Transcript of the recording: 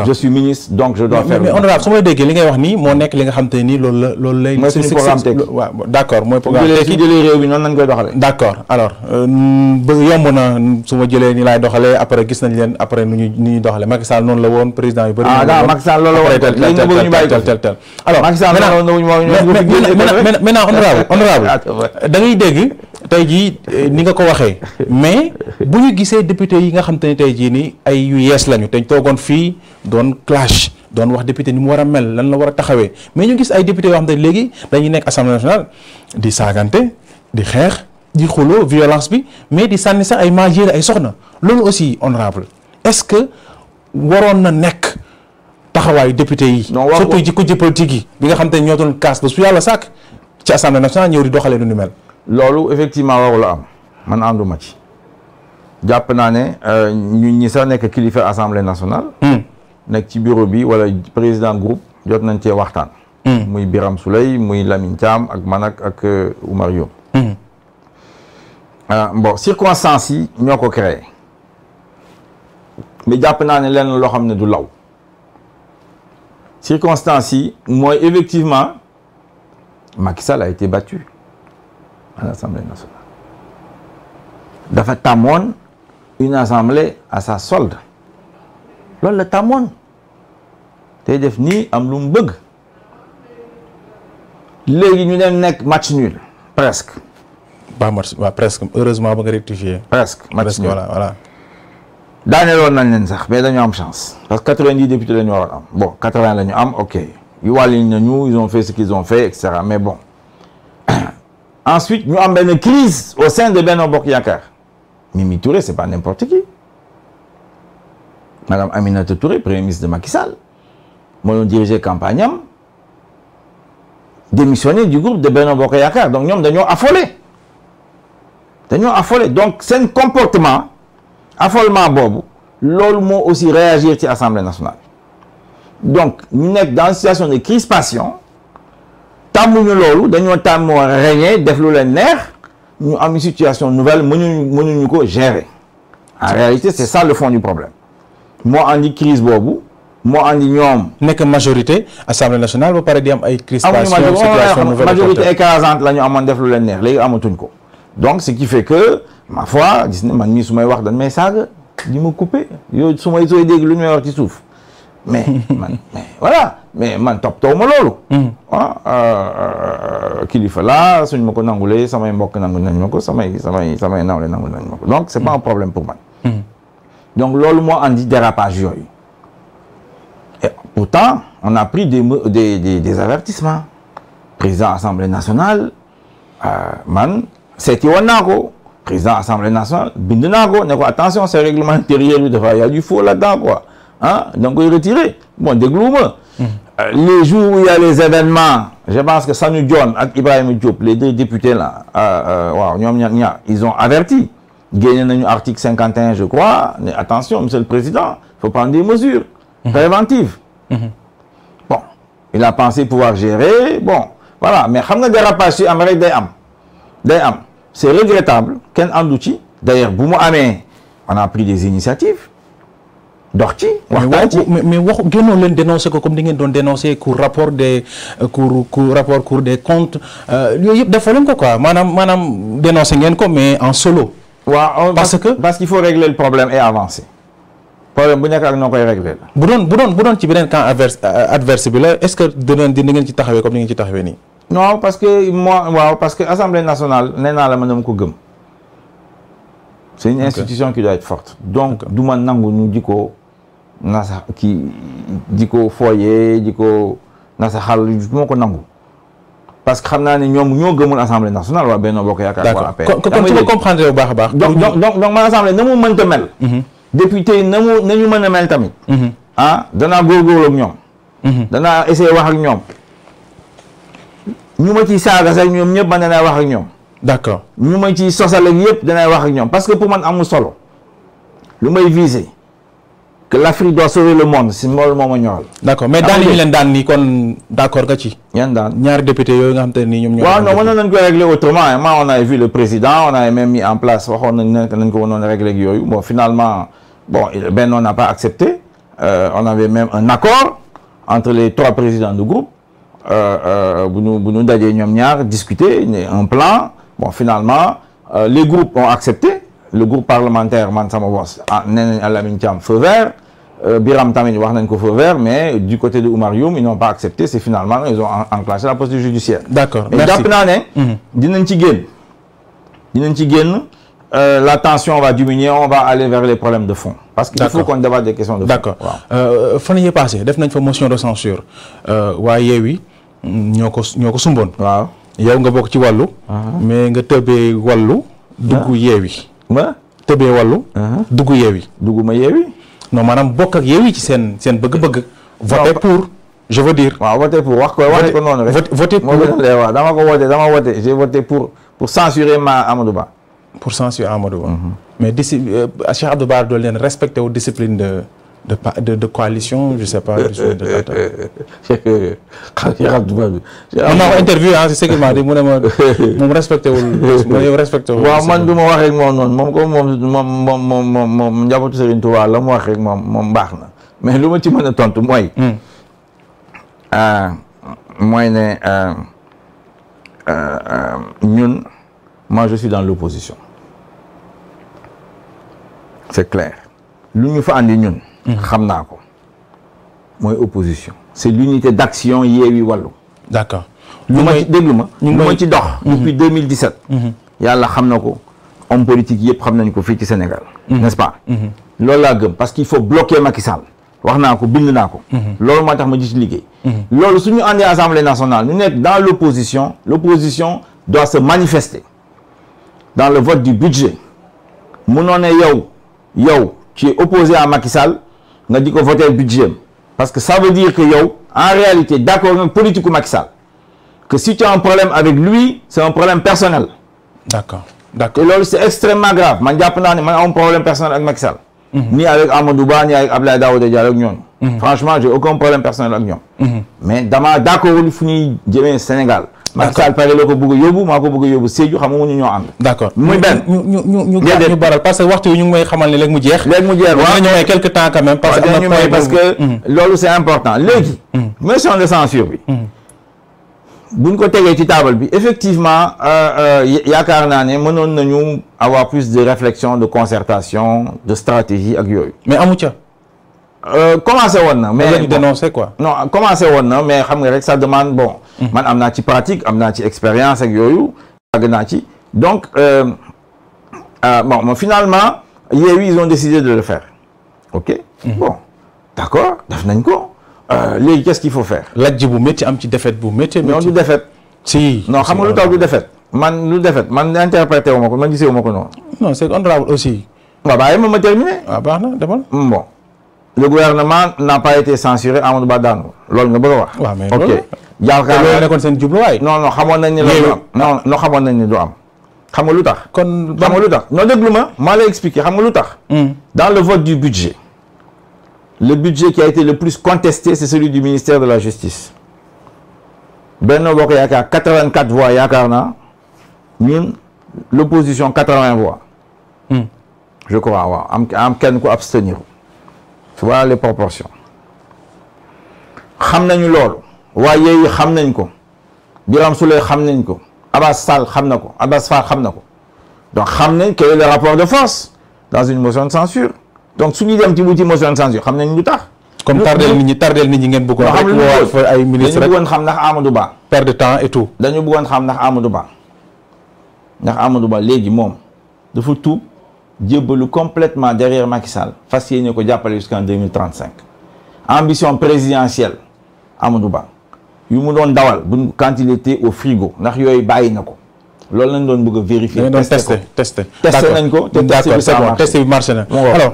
je suis ministre donc je dois. faire mais honorable su may déggee li ngay wax nii moo nekk li nga xam te nii loolu la loolu lay. mooy suñu programme tekki waaw d' accord mooy. programme tekki bu jëlee réew bi noonu lañ koy doxalee. d' accord alors ba yomb na su ma jëlee ni laay doxalee après gis nañ leen après nu ñuy nu ñuy doxalee Macky Sall noonu la woon président yu bëri. ah non Macky Sall loolu la woon tel tel tel tel tel tel alors Macky Sall noonu la woon. maintenant maintenant honorable honorable da ngay dégg. tey jii eh, ni nga ko waxee mais bu ñu gisee député yi nga xam te ne tey jii ni ay yu yees lañu te toogoon fii doon clash doon wax député ni mu war a mel lan la war a taxawee mais ñu gis ay député yoo xam léegi dañuy nekk assemblée nationale di saagante di xeex di xuloo violence bi mais di sànni sax ay majeur ay soxna loolu aussi honorable est-ce que waroon na nekk taxawaayu député yi surtout ci kujje politique yi bi nga xam te ñoo doon kaas ba su yàlla sàkk ci assemblée nationale ñëw di doxalee nu ni loolu effectivement warul am man ànduma ci jàpp naa ne euh, ñu ñi sax nekk kilifa assemblée nationale. Hmm. nekk ci bureau bi wala président groupe jot nañ cee waxtaan. Hmm. muy Biram Souley muy Lamine caam ak man ak ak euh, Oumar Youm. Hmm. Euh, bon circonstances yi ñoo ko jàpp naa ne lenn loo xam ne du law circonstances yi mooy effectivement Macky Sall a été battu. à l'Assemblée nationale dafa tàmmoon une assemblée à sa solde loolu la tàmmoon te def nii am lu mu bëgg léegi ñu dem nekk match nul presque. ba match waaw presque heureusement ba nga rectifié. presque match nul voilà voilà. daaneeloon nañ leen sax mais dañoo am chance. parce que quatre-vingt-dix députés ñu waroon am bon quatre-vingts la ñu am ok yu wàllu nañu ils ont fait ce qu'ils ont fait et cetera ensuite ñu am benn crise au sein de Benno Bokk Yaakaar Mimi Touré c'est pas n'importe qui madame Aminata Touré premier ministre de Macky mooy moo diriger campagne m démissionné du groupe de Benno Bokk Yaakaar donc ñoom dañoo affolé dañoo affolé donc seen comportement affolement boobu loolu moo aussi réagir ci Assemblée nationale donc ñu nekk dans une situation de crispation tàmmuñu loolu dañoo tàmm régner def lu leen neex ñu am une situation nouvelle mënuñu mënuñu ko gérer en réalité c'est ça le fond du problème moo andi crise boobu moo andi ñoom. nekk majorité assemblée national ba pare di am ay. crispation situation nouvelle majorité écrasante la ñu amoon def lu leen neex léegi amatuñ ko donc ce qui fait que ma foi gis ne man mii su may wax dañ may saaga di ma koupe yow su may sooy dégg lu ñu may wax ci suuf mais mais voilà. mais man toppatoo ma loolu. Hmm. Ah, ah, ah, ah kilifa laa suñ ma ko nangulee samay mbokk nangu nañ ma ko samay samay samay nawle nangu nañ ma ko donc c'est pas un problème pour man. Hmm. donc loolu moo andi dérapage yooyu. et pourtant on a pris des des des, des avertissements président assemblée nationale euh, man seeti woon naa ko président assemblée nationale bind naa ko ne ko attention c'est règlement intérieur bi dafa y a du faux là-dedans quoi. ah da nga koy retiré bon dégluwuma hmm. les jours où il y les événements je pense que Sanu Dione ak Ibrahima Diop les deux députés là euh, euh, waaw ñoom ñaar ñaar ils ont averti génne nañu article 51 je crois mais attention monsieur le président faut prendre des mesures hmm. préventives hmm. bon il a pensé pouvoir gérer bon voilà mais xam nga dérapage su am rek day am day am c'est regrettable kenn andu ci d'ailleurs bu mu amee on a pris des initiatives dox ci waxtaan ci mais wax génnoon leen dénoncé ko comme di ngeen doon dénoncé cour rapport des euh, cour cour rapport cour des comptes euh, yooyu yëpp defoo leen ko quoi maanaam maanaam dénoncé ngeen ko mais en solo. waaw parce que parce qu'il faut régler le problème et avancer. problème bu nekk ak noo koy régler la. bu doon bu doon bu doon ci beneen camp adverse euh, adverse bi la est-ce que dina di ngeen ci taxawee comme ni ci taxawee nii. non parce que moi waaw parce que assemblée nationale nee naa la ma ko gëm. c'est une institution qui doit donc du ma nangu ñu jikko sa ki di ko fooyee di ko nasa xal du ma ko nangu parce que xam naa ne ñoom ñoo gëmul assemblée nationale waa Benno Bokk Yaakaar. d'accord waa APR comme tu ma a man assemblée na mu mënta mel. Mhm. député na mu na ñu man a mel tamit. Mhm. ah danaa góorgóorlu ak ñoom. Mhm. danaa essayer wax ak ñoom. ñu ma ciy saaga sax ñoom ñëpp man danaa wax ak ñoom. d'accord ñu ma ci sosal ak yëpp danay wax ak ñoom parce que pour man amul solo lu may viser. que l'Afrique doit sauver le monde si loolu moom a ñoral. d'accord mais daan ñu leen daan nii kon d'accord nga ci. ñan daan ñaari député yooyu nga xam te ne nii ñoom. ma on a vu le président on a n'a pas accepté euh, on avait même un accord entre les trois présidents du groupe euh, euh, bu ñu bu ñu dajee ñoom ñaar discuter un plan bon finalement euh, les groupes ont accepté le groupe parlementaire man sama boss a ah, nee nañ Alamine Euh, Biram Tamit wax nañ ko feu vert mais du côté de Oumar Youm ils n'ont pas accepté c'est finalement ils ont enclenché la procédure judiciaire. d'accord mais jàpp naa ne. Mhm. dinañ ci génn. dinañ ci génn euh, la tension va diminuer on va aller vers les problèmes de fond. parce que il faut qu'on débatte des questions de fond. d'accord euh, fan yii passé def nañ fa motion de censure waa Yewwi ñoo ko ñoo ko sumboon. waaw yow nga bokk ci wàllu. Uh-huh. mais nga tëbee wàllu. dugg uh-huh. Yewwi. ma tëbee wàllu. Uh-huh. dugg Yewwi. dugg ma Yewwi. non maanaam bokk ak Yewwi ci seen seen bëgg-bëgg. voter pour je veux dire. waaw voter pour wax ko wax ko noonu rek. voter pour waaw dama ko voté dama voté j'ai pour pour censurer ma Amadou Ba. pour censurer Amadou Ba. Mhm. mais disi euh, Cheikh Abdou Bara doon leen respecté wu discipline de. de de de coalition je sais pas. xaaral man maa ko interview ah si segment di mu ne ma moom ma waxee ak moom noonu moom comme moom moom moom moom moom njabootu Serigne Touba la mu waxee ak moom moom baax na mais lu ma ci mën a tontu mooy. Hmm. Euh, mooy ne euh, euh, ñun moi je suis dans l'opposition c'est clair lu ñu fa andi ñun. xam naa ko mooy opposition c'est l'unité d'action Yewwi Wallu d'accord lu ma ci déglu ma lu ma ci dox mhm. depuis 2017 mhm. yàlla xam na ko homme politique yëpp xam nañ ko fii ci Sénégal mhm. n'est-ce pas loolu laa gëm parce qu'il faut bloquer Macky Sall wax naa ko bind naa ko loolu moo tax ma ji ci liggéey loolu suñu àndee assemblée nationale ñu nekk dans l'opposition l'opposition doit se manifester dans le vote du budget munoon ne yow yow tu es opposé à nga di ko voter budget parce que ça veut dire que yow en réalité d'accord nga politique Macky Sall que si tu as un problème avec lui c'est un problème personnel d'accord d'accord te c'est extrêmement grave man jàpp naa ne man problème personnel ak Macky mhm. ni avec Amadou Ba ni avec Abdoulaye Daouda Diallo ak ñoom mhm. franchement j'ai aucun problème personnel ak ñoom mhm. mais dama d'accordul fu Sénégal Macky Sall pare la ko bëgg a yóbbu maa ko bëgg a yóbbu Sédhiou xam nga ñu ñoo ànd. d' accord muy benn ñu ñu ñu ñu baral parce que waxtu ñu ngi may xamal ne léegi mu jeex. léegi mu jeex waaw ñu may quelque temps quand même. parce que am na point parce que mm-hmm. loolu c' est important mm-hmm. léegi. Mm-hmm. motion de censure bi. buñ ko tegee ci table bi effectivement euh, euh, yaakaar naa ne mënoon nañu avoir plus de réflexion de concertation de stratégie ak yooyu. mais amu ca. Euh, commencé woon na. mais dénoncé quoi. non commencé woon na mais xam nga rek ça demande bon. Mm-hmm. man am naa ci pratique am naa ci expérience ak yooyu yàgg naa ci donc euh, euh, bon finalement Yewwi ils ont décidé de le faire ok mm -hmm. bon d'accord def nañ ko euh, léegi qu'est-ce qu'il faut faire lajj bu métti am ci défaite bu métti non du défaite si non xam nga lu tax du défaite man lu défaite man interprété wu ma ko man gisee wu ma ko noonu non c'est honorable aussi waaw bàyyi ma ma terminé waaw ah, baax na demal mm, bon le gouvernement n'a pas été censuré Amadou Ba daanu loolu nga bëgg a wax ok yaakaar nekkoon seen jubluwaay. non non xamoon nañ ne loolu am non non xamoon nañ ne du am. xam nga lu tax. kon xam lu tax non déglu ma maa lay expliqué xam nga lu tax. Hmm. dans le vote du budget. le budget qui a été le plus contesté c'est celui du ministère de la justice. Benno Bokk Yaakaar 84 voix yaakaar naa ñun l'opposition 80 voix. Hmm. je crois waaw am am kenn ku abstenir. voilà les proportions. xam nañu lool waaye yooyu xam nañ ko Birame Souleye xam nañ ko Abbas sal xam na ko Abbas Fall xam na ko donc xam nañ quel est le rapport de force dans une motion de censure donc suñuy dem ci de censure xam nañ lu tax. comme tardel nit ñi tardel nit ñi ngeen bëggoon rek woo ay ministre dañu bëggoon xam ndax Amadou Ba. perte de temps et tout. dañu bëggoon xam ndax Amadou Ba ndax Amadou Ba léegi moom dafa tuub jébbalu complètement derrière Macky Sall fas yéene ko jàppale jusqu'en deux mille trente cinq ambition présidentielle Amadou Ba. yu mu doon dawal bu quand il était au frigo ndax yooyu bàyyi ko loolu lañ doon bëgg a vérifier. testé testé testé nañ ko. te testé marché na